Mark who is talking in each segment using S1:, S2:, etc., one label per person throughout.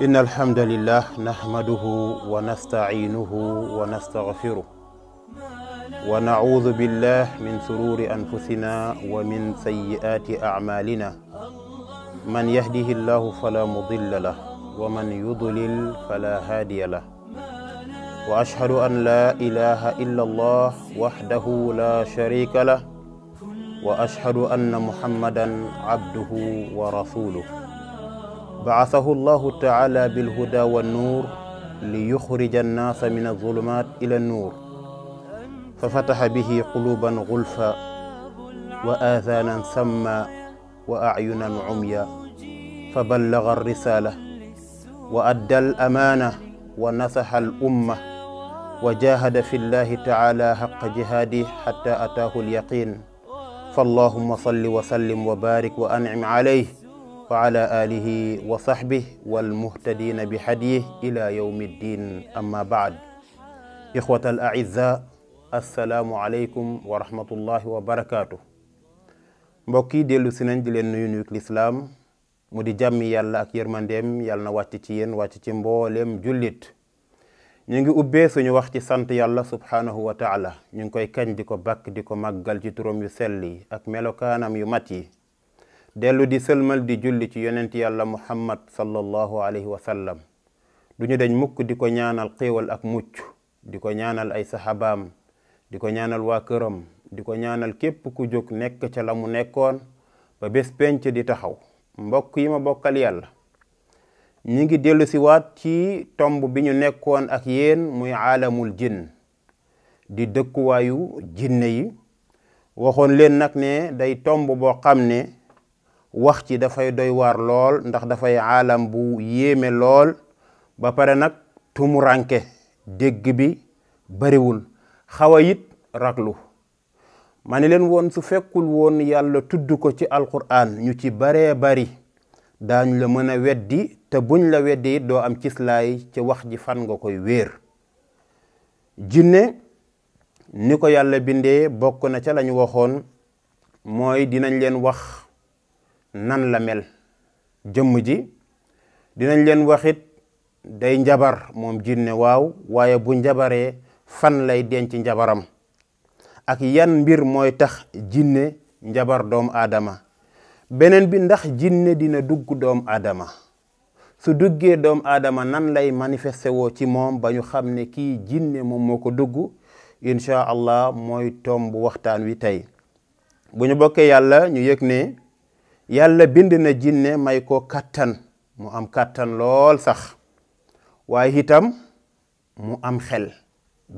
S1: إن الحمد لله نحمده ونستعينه ونستغفره ونعوذ بالله من سرور أنفسنا ومن سيئات أعمالنا من يهده الله فلا مضل له ومن يضلل فلا هادي له وأشهد أن لا إله إلا الله وحده لا شريك له وأشهد أن محمدا عبده ورسوله baacahu allahu taala bilhuda wa nuur li yuxrija annaasa min alzulumat ila nuur fa fataxa bihi quluuban gulfa wa aadaanan samma wa acyunan cumya fa ballaga alrisaala wa adda alamaana wa nasaxa alumma wa jahada fi llahi taala xaqa jihaadi xata ataahu alyaqiin fa allahuma salli wa sallim wa baarik wa ancim calayh wa ala alihi wa sahbihi wal muhtadiina bi hadyihi ila yawmi ddiin amma baad ixwata al aizza assalaamu aleykum wa rahmatullahi wa barakaatu mbokk yi dellu si nañ di leen nuyu nuyu lislaam mu di jàmmi yàlla ak yërmandeem yàlla na wàcc ci yéen wàcc ci mbooleem jullit ñu ngi ubbee suñu wax ci sant yàlla subhaanahu wa taala ñu ngi koy kañ di ko bakk di ko màggal ci turam yu sell yi ak melokaanam yu mat yi dellu di sëlmal di julli ci yonent yàlla muhammad sallallahu alayhi wa sallam du ñu dañ mukk di ko ñaanal xéewal ak mucc di ko ñaanal ay saxabaam di ko ñaanal waa këram di ko ñaanal képp ku jóg nekk ca la mu nekkoon ba bés penc di taxaw mbokk yi ma bokkal yàlla ñi ngi dellu si waat ci tomb bi ñu nekkoon ak yéen muy aalamul jinn di dëkkuwaayu jinne yi waxoon leen nag ne day tomb boo xam ne wax ci dafay doy waar lool ndax dafay aalam bu yéeme lool ba pare nag tumuranke dégg bi bariwul xaw yit raglu ma ne leen woon su fekkul woon yàlla tudd ko ci alquran ñu ci baree bari daañ la mën a weddi te buñ la weddi it doo am cislaay ci wax ji fan nga koy wéer jinne ni ko yàlla bindee bokk na ca lañu waxoon mooy dinañ leen wax nan la mel jëmm ji dinañ leen waxit day njabar moom jinne waaw waaye bu njabaree fan lay denc njabaram ak yan mbir mooy tax jinne njabar doomu aadama beneen bi ndax jinne dina dugg doom aadama su duggee doom aadama nan lay manifesté woo ci moom ba ñu xam ne kii jinne moom moo ko dugg incha allah mooy tomb waxtaan wi tey bu ñu bokkee yàlla ñu yëg ne yàlla bind na jinne may ko kattan mu am kattan lool sax waaye itam mu am xel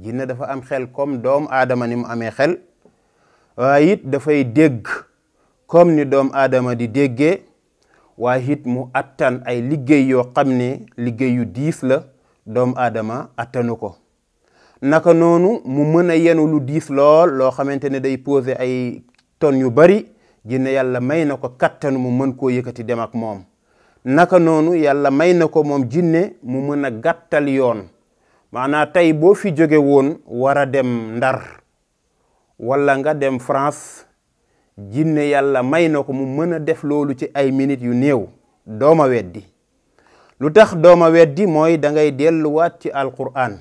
S1: jinne dafa am xel comme doomu aadama ni mu amee xel waaye it dafay dégg kom ni doom aadama di déggee waaye it mu attan ay liggéey yoo xam ne liggéey yu diis la doom aadama attanu ko naka noonu mu mën a yenu lu diis lool loo xamante ne day poser ay tonnes yu bari jinne yàlla may na ko kattanu mu mën koo yëkkati dem ak moom naka noonu yàlla may na ko moom jinne mu mën a gàttal yoon maanaa tey boo fi jóge woon war a dem Ndar wala nga dem France jinne yàlla may na ko mu mën a def loolu ci ay minit yu néew dooma weddi lu tax dooma weddi mooy da ngay delluwaat ci alquran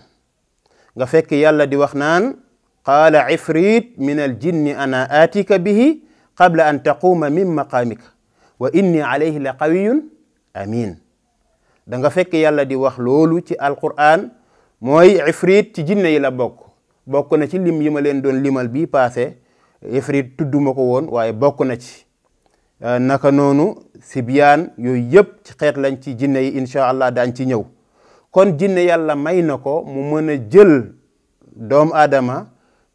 S1: nga fekk yàlla di wax naan qaala ifrit min jinni ana atika bihi qabla an taquuma min maqaamika wa inni alayhi la qawiyun amin da nga fekk yàlla di wax loolu ci alquran mooy ifrit ci jinne yi la bokk bokk na ci lim yi ma leen doon limal bi passé ifrit tudduma ko woon waaye bokk na ci euh, naka noonu sibyaan yooyu yëpp ci xeet lañ ci jinne yi incha allah daañ ci ñëw kon jinne yàlla may na ko mu mën a jël doomu aadama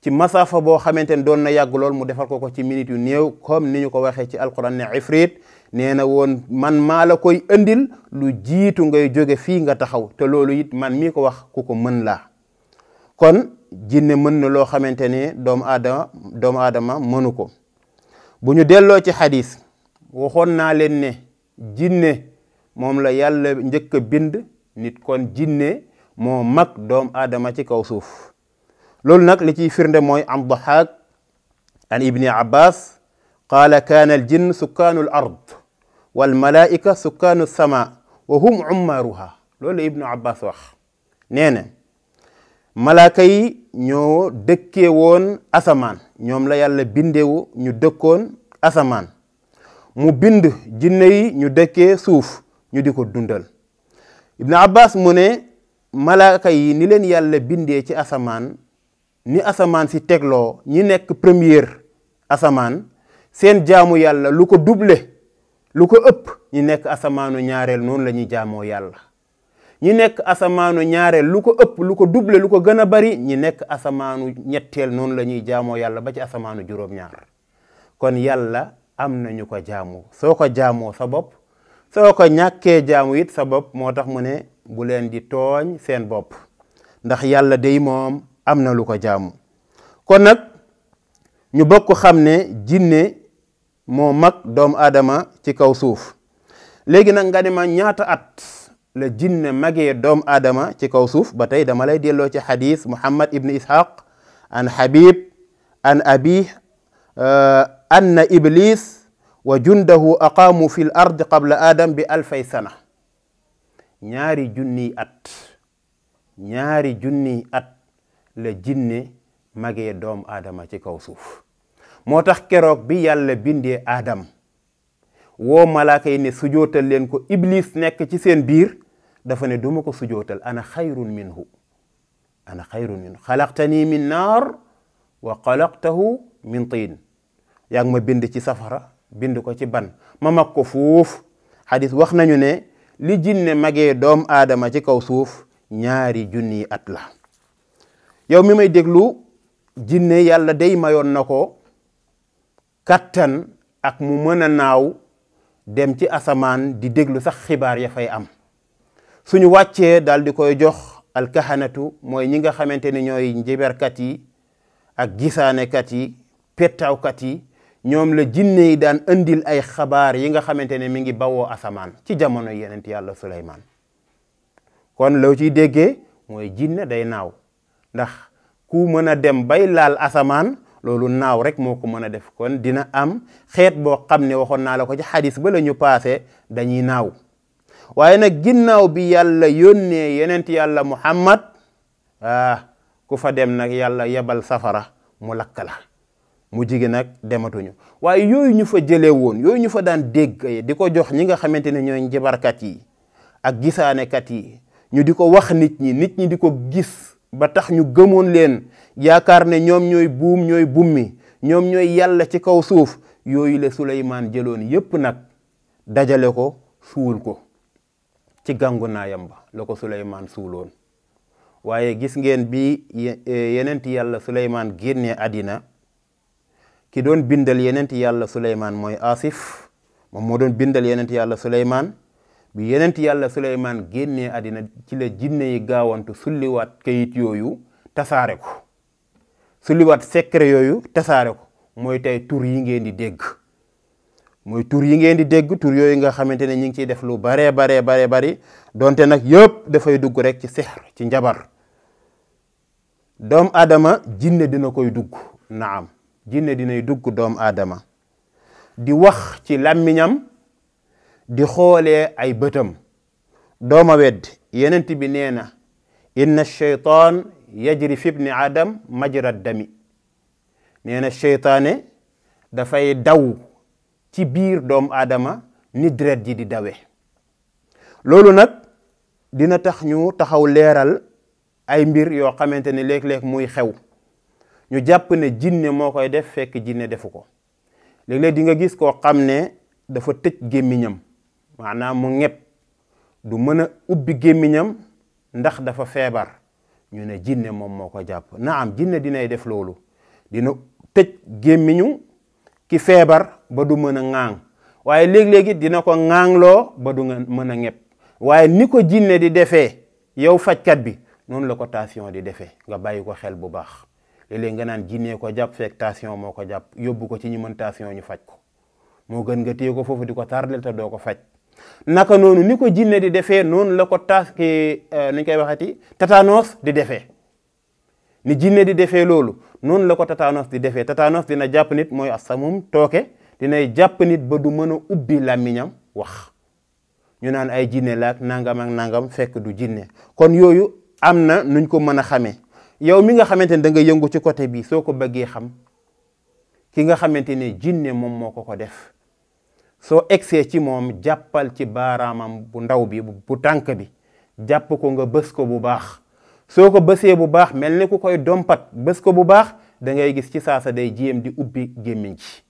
S1: ci masafa boo xamante ne doon na yàgg lool mu defal ko ko ci minutes yu new comme ni ñu ko waxee ci alquran ne ifrit nee na woon man maa la koy andil lu jiitu ngay jóge fii nga taxaw te loolu it man mii ko wax ku ko mën laa kon jinne mën na loo xamante ne doomu aadama doomu aadama mënu ko bu ñu delloo ci xadis waxoon naa leen ne jinne moom la yàlla njëkk a bind nit kon jinne moo mag doom aadama ci kaw suuf loolu nag li ciy firnde mooy am daxaak an ibni abbas qaala kaana al jinn sukkaanu ard wal malaika sukkaanu sama wa hum ummaaruha loolu la ibnu abbas wax nee na malaaka yi ñoo woon asamaan ñoom la yàlla bindewu ñu dëkkoon asamaan mu bind jinne yi ñu dëkke suuf ñu di ko dundal ibnu abbas mu ne yi ni leen yàlla bindee ci asamaan ni asamaan si tegloo ñi nekk première asamaan seen jaamu yàlla lu ko double lu ko ëpp ñi nekk asamaanu ñaareel noonu la ñuy jaamoo yàlla ñi nekk asamaanu ñaareel lu ko ëpp lu ko double lu ko gën a bari ñi nekk asamaanu ñetteel noonu la ñuy jaamoo yàlla ba ci asamaanu juróom-ñaar kon yàlla am na ñu ko jaamu soo ko jaamoo sa bopp soo ko ñàkkee jaamu it sa bopp moo tax mu ne bu leen di tooñ seen bopp ndax yàlla day moom am na lu ko jaamu kon nag ñu bokk xam ne jinne moo mag doom aadama ci kaw suuf léegi nag nga ne ma ñaata at la jinne magee doom aadama ci kaw suuf ba tey dama lay delloo ci xadis muhammad ibn ishaq an habib an abi eh, anna iblis wa jundahu aqaamu fi ard qabla adam bi alfay sana ñaari junniy at ñaari junniy at la jinne magee doomu aadama ci kaw suuf moo tax keroog bi yàlla bindee aadam wo malaaka yi ne sujootal leen ko iblis nekk ci seen biir dafa ne duma ko sujootal ana xayrun minhu ana xayrun minhu xalaqtanii min naar wa xalaqtahu min tiin yaa ma bind ci safara bind ko ci ban ma mag ko fuuf xadis wax nañu ne li jinne magee doom aadama ci kaw suuf ñaari junniy at la yow mi may déglu jinne yàlla day mayoon na ko kattan ak mu mën a naaw dem ci asamaan di déglu sax xibaar ya fay am suñu wàccee daal di koy jox alkahanatu mooy ñi nga xamante ne ñooy njibarkat yi ak gisaanekat yi pettaawkat yi ñoom la jinne yi daan indil ay xabaar yi nga xamante ne mi ngi bawoo asamaan ci jamono yenent yàlla Suleymaan kon loo ciy déggee mooy jinne day naaw ndax ku mën a dem bay laal asamaan loolu naaw rek moo ko mën a def kon dina am xeet boo xam ne waxoon naa la ko ci xadis ba la ñu paase dañuy naaw waaye nag ginnaaw bi yàlla yónnee yenent yàlla muhammad ah ku fa dem nag yàlla yebal safara mu lakk la mu jige nag dematuñu waaye yooyu ñu fa jëlee woon yooyu ñu fa daan dégg di ko jox ñi nga xamante ne ñooy njabarkat yi ak gisaanekat yi ñu di ko wax nit ñi nit ñi di ko gis ba tax ñu gëmoon leen yaakaar ne ñoom ñooy buum ñooy bummi ñoom ñooy yàlla ci kaw suuf yooyu la Suleymaan jëloon yépp nag dajale ko suul ko ci gàngu naayam ba la ko Suleymaan suuloon waaye gis ngeen bi e, yeneenti yàlla Suleymaan génnee àddina ki doon bindal yeneenti yàlla Suleymaan mooy Asif moom moo doon bindal yeneenti yàlla Suleymaan bi yenent yàlla Suleymaan génnee àddina ci la jinne yi gaawantu sulliwaat kayit yooyu tasaare ko sulliwaat secret yooyu tasaare ko mooy tey tur yi ngeen di dégg mooy tur yi ngeen di dégg tur yooyu nga xamante ne ñu ngi ciy def lu baree baree bare bari donte nag yëpp dafay dugg rek ci sexr ci njabar doom aadama jinne dina koy dugg na am jinne dinay dugg doom aadama di wax ci làmmiñam di xoolee ay bëtam dooma wedd yenent bi nee na inna cheytaan yajri fi bni adam majra dami nee na cheytaane dafay daw ci biir doomu aadama ni deret ji di dawe loolu nag dina tax ñu taxaw leeral ay mbir yoo xamante ne léeg-léeg muy xew ñu jàpp ne jinne moo koy def fekk jinne defu ko léeg di nga gis koo xam ne dafa tëj gémmiñam maanaam mu ñëpp du mën a ubbi gémmiñam ndax dafa feebar ñu ne jinne moom moo ko jàpp naam am jinne dinay def loolu dina tëj gémmiñu ki feebar ba du mën a ŋaang waaye léeg-léegi dina ko ŋaangloo ba du nga mën a ñëpp waaye ni ko jinne di defee yow fajkat bi noonu la ko tension di defee nga bàyyi ko xel bu baax léeg-léeg nga naan jinnee ko jàpp fekk tension moo ko jàpp yóbbu ko ci ñu mën ñu faj ko moo gën nga téye ko foofu di ko tardel te doo ko faj naka noonu ni ko jinne di defee noonu la ko taas ki euh, nuñ koy waxati tatanos di defee nu jinne di defee loolu noonu la ko tatanos di defee tatanos dina jàpp nit mooy a asamum tooke dinay jàpp nit ba du mën a ubbi làmmiñam wax ñu naan ay jinne laak nangam ak nangam fekk du jinne kon yooyu am na nuñ ko mën a xamee yow mi nga xamante ne da nga yëngu ci côté bi soo ko bëggee xam ki nga xamante ne jinne moom moo ko ko def soo egsee ci moom jàppal ci baaraamam bu ndaw bi bu tànk bi jàpp ko nga bës ko bu baax soo ko bësee bu baax mel ni ku koy dompat bës ko bu baax da ngay gis ci saasa day jéem di ubbi gémmiñ ci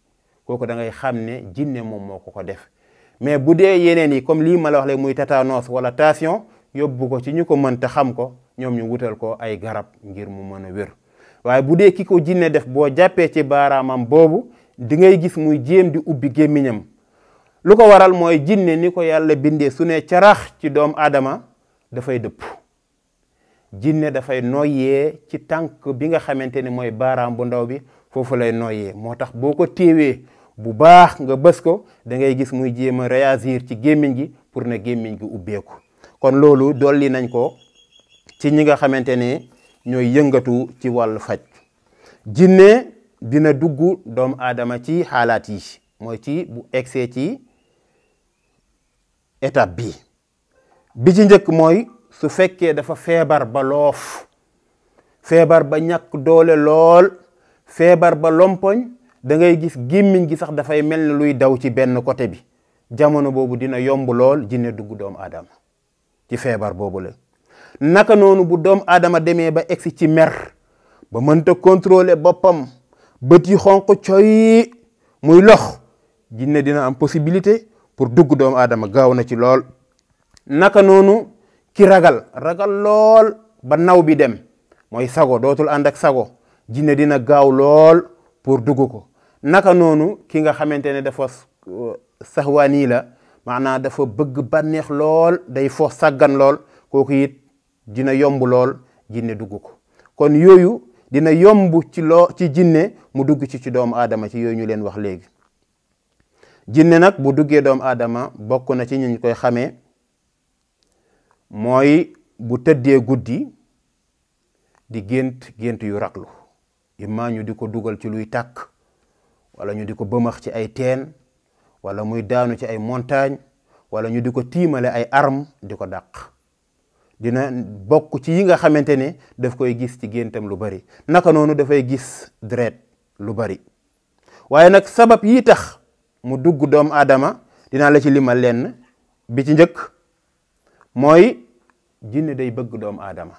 S1: kooku da ngay xam ne jinne moom moo ko ko def mais bu dee yeneen yi comme lii ma la wax muy tétanos wala tension yóbbu ko ci ñu ko mën xam ko ñoom ñu wutal ko ay garab ngir mu mën a wér waaye bu dee ki ko jinne def boo jàppee ci baaraamam boobu di ngay gis muy jéem di ubbi gémmiñam lu ko waral mooy jinne ni ko yàlla bindee su ne carax ci doom aadama dafay dëpp jinne dafay noyyee ci tànk bi nga xamante ni mooy baaraam bu ndaw bi foofu lay noyyee moo tax boo ko téewee bu baax nga bës ko da ngay gis muy jéem a réagir ci gémmiñ gi pour na gémmiñ gi ubbeeku kon loolu dolli nañ ko ci ñi nga xamante ne ñooy yëngatu ci wàllu faj jinne dina dugg doomu aadama ci xaalaat yi mooy ci bu egsee ci étape bi bi ci njëkk mooy su fekkee dafa feebar ba loof feebar ba ñàkk doole lool feebar ba lompoñ dangay gis gémmiñ gi sax dafay mel ne luy daw ci benn côté bi jamono boobu dina yomb lool jinne dugg doom aadama ci feebar boobu la naka noonu bu doom aadama demee ba egsi ci mer ba mënta contrôler boppam bët yi xonq coy muy lox jinne dina am possibilité pour dugg doomu aadama gaaw na ci lool naka noonu ki ragal ragal lool ba naw bi dem mooy sago dootul ànd ak sago jinne dina gaaw lool pour dugg ko naka noonu ki nga xamante ne dafa euh, saxwaani la maanaam dafa bëgg bànneex lool day fo saggan lool kooku it dina yomb lool jinne dugg ko kon yooyu dina yomb ci loo ci jinne mu dugg ci ci doomu aadama ci yooyu ñu leen wax léegi jinne nag bu duggee doom aadama bokk na ci ñu koy xamee mooy bu tëddee guddi di gént gént yu raglu imma ñu di ko dugal ci luy tàkk wala ñu di ko bëmax ci ay teen wala muy daanu ci ay montagne wala ñu di ko tiimale ay arme di ko dàq dina bokk ci yi nga xamante ne daf koy gis ci géntam lu bari naka noonu dafay gis deret lu bari waaye nag sabab yi tax mu dugg doomu aadama dinaa la ci limal lenn bi ci njëkk mooy jinne day bëgg doomu aadama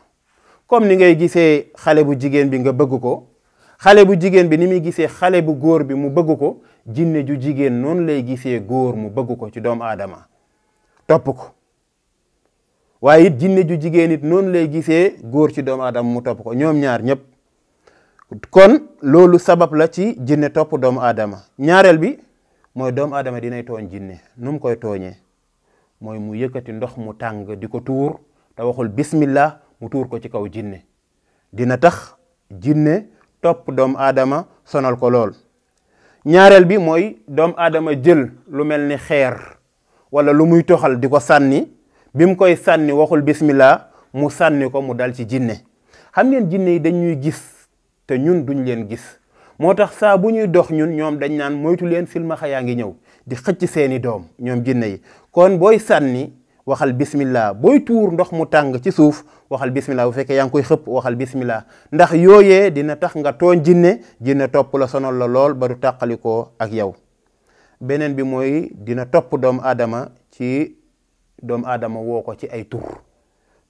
S1: comme ni ngay gisee xale bu jigéen bi nga bëgg ko xale bu jigéen bi ni muy gisee xale bu góor bi mu bëgg ko jinne ju jigéen noonu lay gisee góor mu bëgg ko ci doomu aadama topp ko waaye it jinne ju jigéen it noonu lay gisee góor ci doomu aadama mu topp ko ñoom ñaar ñëpp kon loolu sabab la ci jinne topp doomu aadama ñaareel bi mooy doomu aadama dinay tooñ jinne nu mu koy tooñee mooy mu yëkkati ndox mu tàng di ko tuur te waxul bismillah mu tuur ko ci kaw jinne dina tax jinné topp doomu aadama sonal ko lool ñaareel bi mooy doomu aadama jël lu mel ni xeer wala lu muy toxal di ko sànni bi koy sànni waxul bismillah mu sànni ko mu dal ci jinne xam ngeen jinne yi ñuy gis te ñun duñ leen gis moo tax saa bu ñuy dox ñun ñoom dañ naan moytu leen silmaxa yaa ngi ñëw di xëcc seeni doom ñoom jinne yi kon booy sànni waxal bismillah booy tuur ndox mu tàng ci suuf waxal bismillah bu fekkee yaa ngi koy xëpp waxal bismillah ndax yooyee dina tax nga tooñ jinne jinne topp la sonal la lool baru du tàqalikoo ak yow beneen bi mooy dina topp doomu aadama ci doom aadama woo ko ci ay tur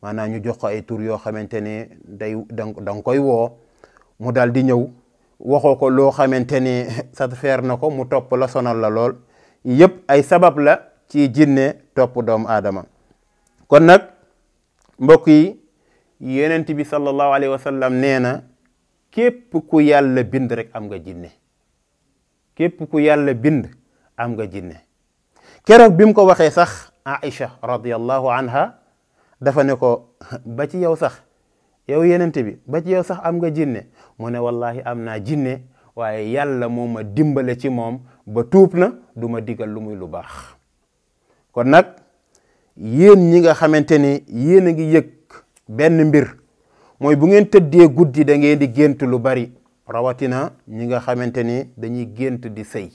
S1: maanaam ñu jox ko ay tur yoo xamante ne day da nga koy woo mu daal di ñëw waxoo ko loo xamante ni satisfaire na ko mu topp la sonal la lool yëpp ay sabab la ci jinne topp doomu aadama kon nag mbokk yi yonent bi sallallahu alayhi wa sallam nee na képp ku yàlla bind rek am nga jinne képp ku yàlla bind am nga jinne keroog bi ko waxee sax Aïcha radiyallahu anha dafa ne ko ba ci yow sax yow yonent bi ba ci sax am nga jinne mu ne wallahi am naa jinne waaye yàlla moo ma dimbale ci moom ba tuub na du ma digal lu muy lu baax kon nag yéen ñi nga xamante ni yéen a ngi yëg benn mbir mooy bu ngeen tëddee guddi da ngeen di gént lu bari rawatina ñi nga xamante ni dañuy gént di sëy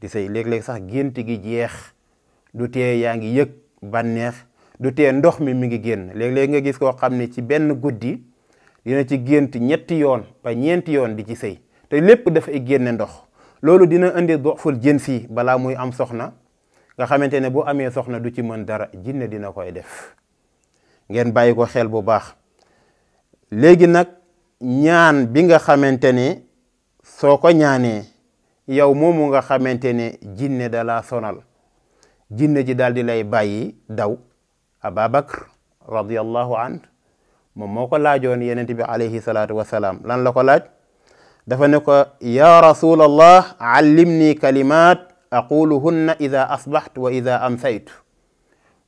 S1: di sëy léeg-léeg sax gént gi jeex du tee yaa ngi yëg bànneex du tee ndox mi mi ngi génn léeg-léeg nga gis koo xam ne ci benn guddi dina ci gént ñetti yoon ba ñeenti yoon di ci sëy te lépp dafay génne ndox loolu dina indi doxful jinsi balaa muy am soxna nga xamante ne bu amee soxna du ci mën dara jinne dina koy def ngeen bàyyi ko xel bu baax léegi nag ñaan bi nga xamante ne soo ko ñaanee yow moomu nga xamante ne jinne da laa sonal jinne ji daal di lay bàyyi daw Ababakar radiyallahu an moom moo ko laajoon yenent bi alayhi salaatu wasalaam lan la ko laaj dafa ne ko ya rasulallah allimni kalimat aquluhunna ida asbaxtu wa am saytu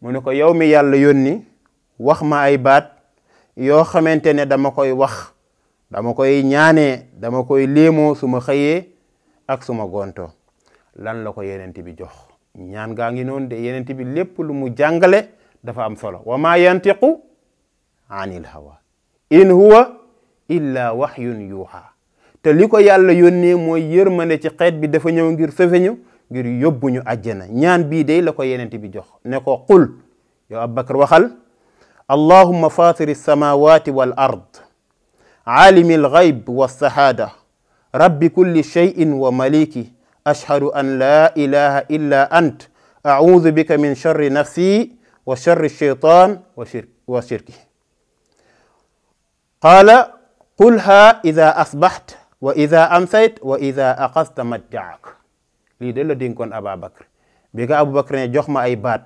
S1: mu ne ko yow mi yàlla yónni wax ma ay baat yoo xamante ne dama koy wax dama koy ñaane dama koy léemoo suma ma ak suma gonto lan la ko yenent bi jox ñaan gaa ngi noonu de yenent bi lépp lu mu jàngale dafa am solo wa ma yantiqu anil hawa in huwa illa waxyun yuuxa te li ko yàlla yónnee mooy yërmande ci xeet bi dafa ñëw ngir sëfeñu ngir yóbbuñu àjjana ñaan bii day la ko yenente bi jox ne ko qul yow Abubakar waxal allahumma fatiri alsamawati wal ard aalimi alxayb walsahaada rabbi kulli sheyin wa maliki ashhadu an laa ilaha illa ant audu bika min charri nafsi wa charri sheytan wa shirki qaala qulha ida asbaxt wa ida amsayt wa ida aqasta mattiak lii de la dénkoon Ababakar bi Abubakar ne jox ma ay baat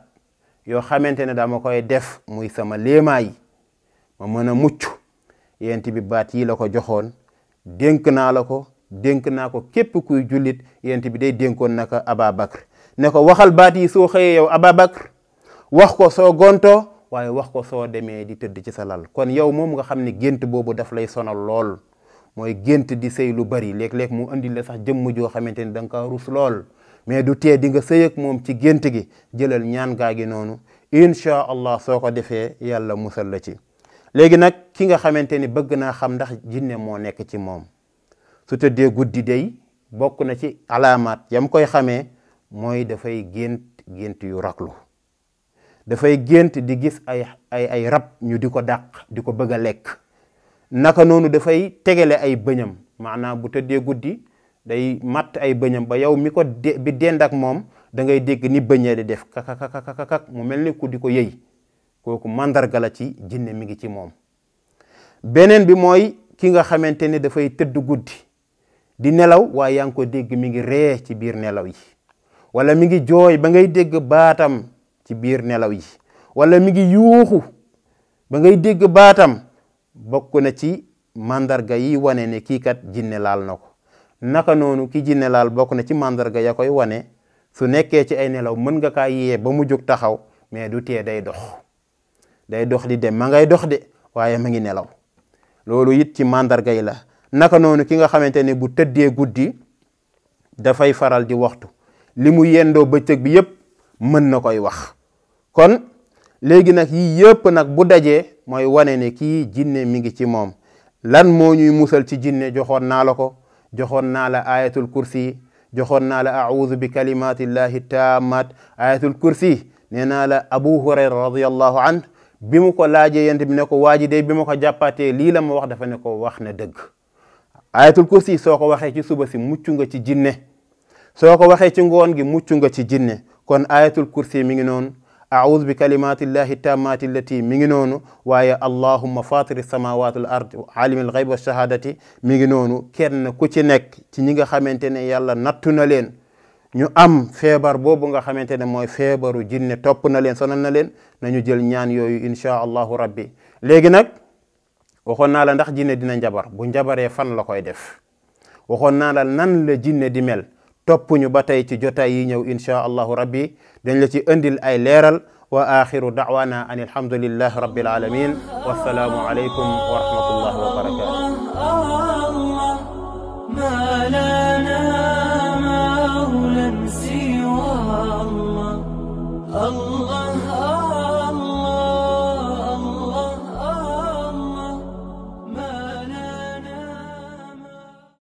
S1: yoo xamante ne dama koy def muy sama léemaay ma mën a mucc yent bi baat yi la ko joxoon dénk naa la ko dénk naa ko képp kuy jullit yent bi day dénkoon naka Ababakar ne ko waxal baat yi soo xëyee yow Ababakar wax ko waaye wax ko soo demee di tëdd ci sa lal kon yow moom nga xam ni gént boobu daf lay sonal lool mooy gént di sëy lu bari léeg-léeg mu indi la sax jëmm joo xamante ni da nga kaa rus lool mais du tee di nga sëy ak moom ci gént gi jëlal ñaan gaa gi noonu incha allah soo ko defee yàlla musal la ci léegi nag ki nga xamante ni bëgg naa xam ndax jinne moo nekk ci moom su tëddee guddi day bokk na ci alaamaat yam koy xamee mooy dafay gént gént yu raglu dafay gént di gis ay ay ay rab ñu di ko dàq di ko bëgg a lekk naka noonu dafay tegale ay bëñam maanaam bu tëddee guddi day matt ay bëñam ba yow mi ko bi dend ak moom da ngay dégg ni bëñee di def kakakakakak mu mel ni ku di ko yey kooku mandarga la ci jinne mi ngi ci moom beneen bi mooy ki nga xamante ne dafay tëdd guddi di nelaw waaye yaa ngi ko dégg mi ngi ree ci biir nelaw yi mi ngi jooy ba ngay dégg baatam ci biir nelaw yi wala mu ngi yuuxu ba ngay dégg baatam bokk na ci màndarga yi wane ne kii kat jinne laal na ko naka noonu ki jinne laal bokk na ci màndarga ya koy wane su nekkee ci ay nelaw mën nga kaa yee ba mu jóg taxaw mais du tee day dox day dox di dem ma ngay dox de waaye ma ngi nelaw loolu it ci màndarga yi la naka noonu ki nga xamante ne bu tëddee guddi dafay faral di waxtu li mu yendoo ba bi yépp mën na koy wax kon léegi nag yii yëpp nag bu dajee mooy wane ne kii jinne mi ngi ci moom lan moo ñuy musal ci jinne joxoon naa la ko joxoon naa la ayatul kursi joxoon naa la audu bi kalimatillahi tammat ayatul nee naa la abu hurayra radiallahu an bi mu ko laajee yent bi ne ko waa ji day bi ma ko jàppaatee lii la mo wax dafa ne ko wax na dëgg ayatul kursi soo ko waxee ci suba si mucc nga ci jinne soo ko waxee ci ngoon gi mucc nga ci jinne kon ayatul kursi mi ngi noonu audu bi kalimatillahi tammati allati mi ngi noonu waaye allahumma fatiri samawati wal ard alimi al gayb wa shahadati mi ngi noonu kenn ku ci nekk ci ñi nga xamante ne yàlla nattu na leen ñu am feebar boobu nga xamante ne mooy feebaru jinne topp na leen sonal na leen nañu jël ñaan yooyu inchaa allahu rabbi léegi nag waxoon naa la ndax jinne dina njabar bu njabaree fan la koy def waxoon naa la nan la jinne di mel toppuñu ba tey ci jotaay yi ñëw inchaa allahu rabbi dañ la ci indil ay leeral wa axiru daawana an alhamdulillahi rabbil alamin wassalaamu aleykum wa rahmatullahi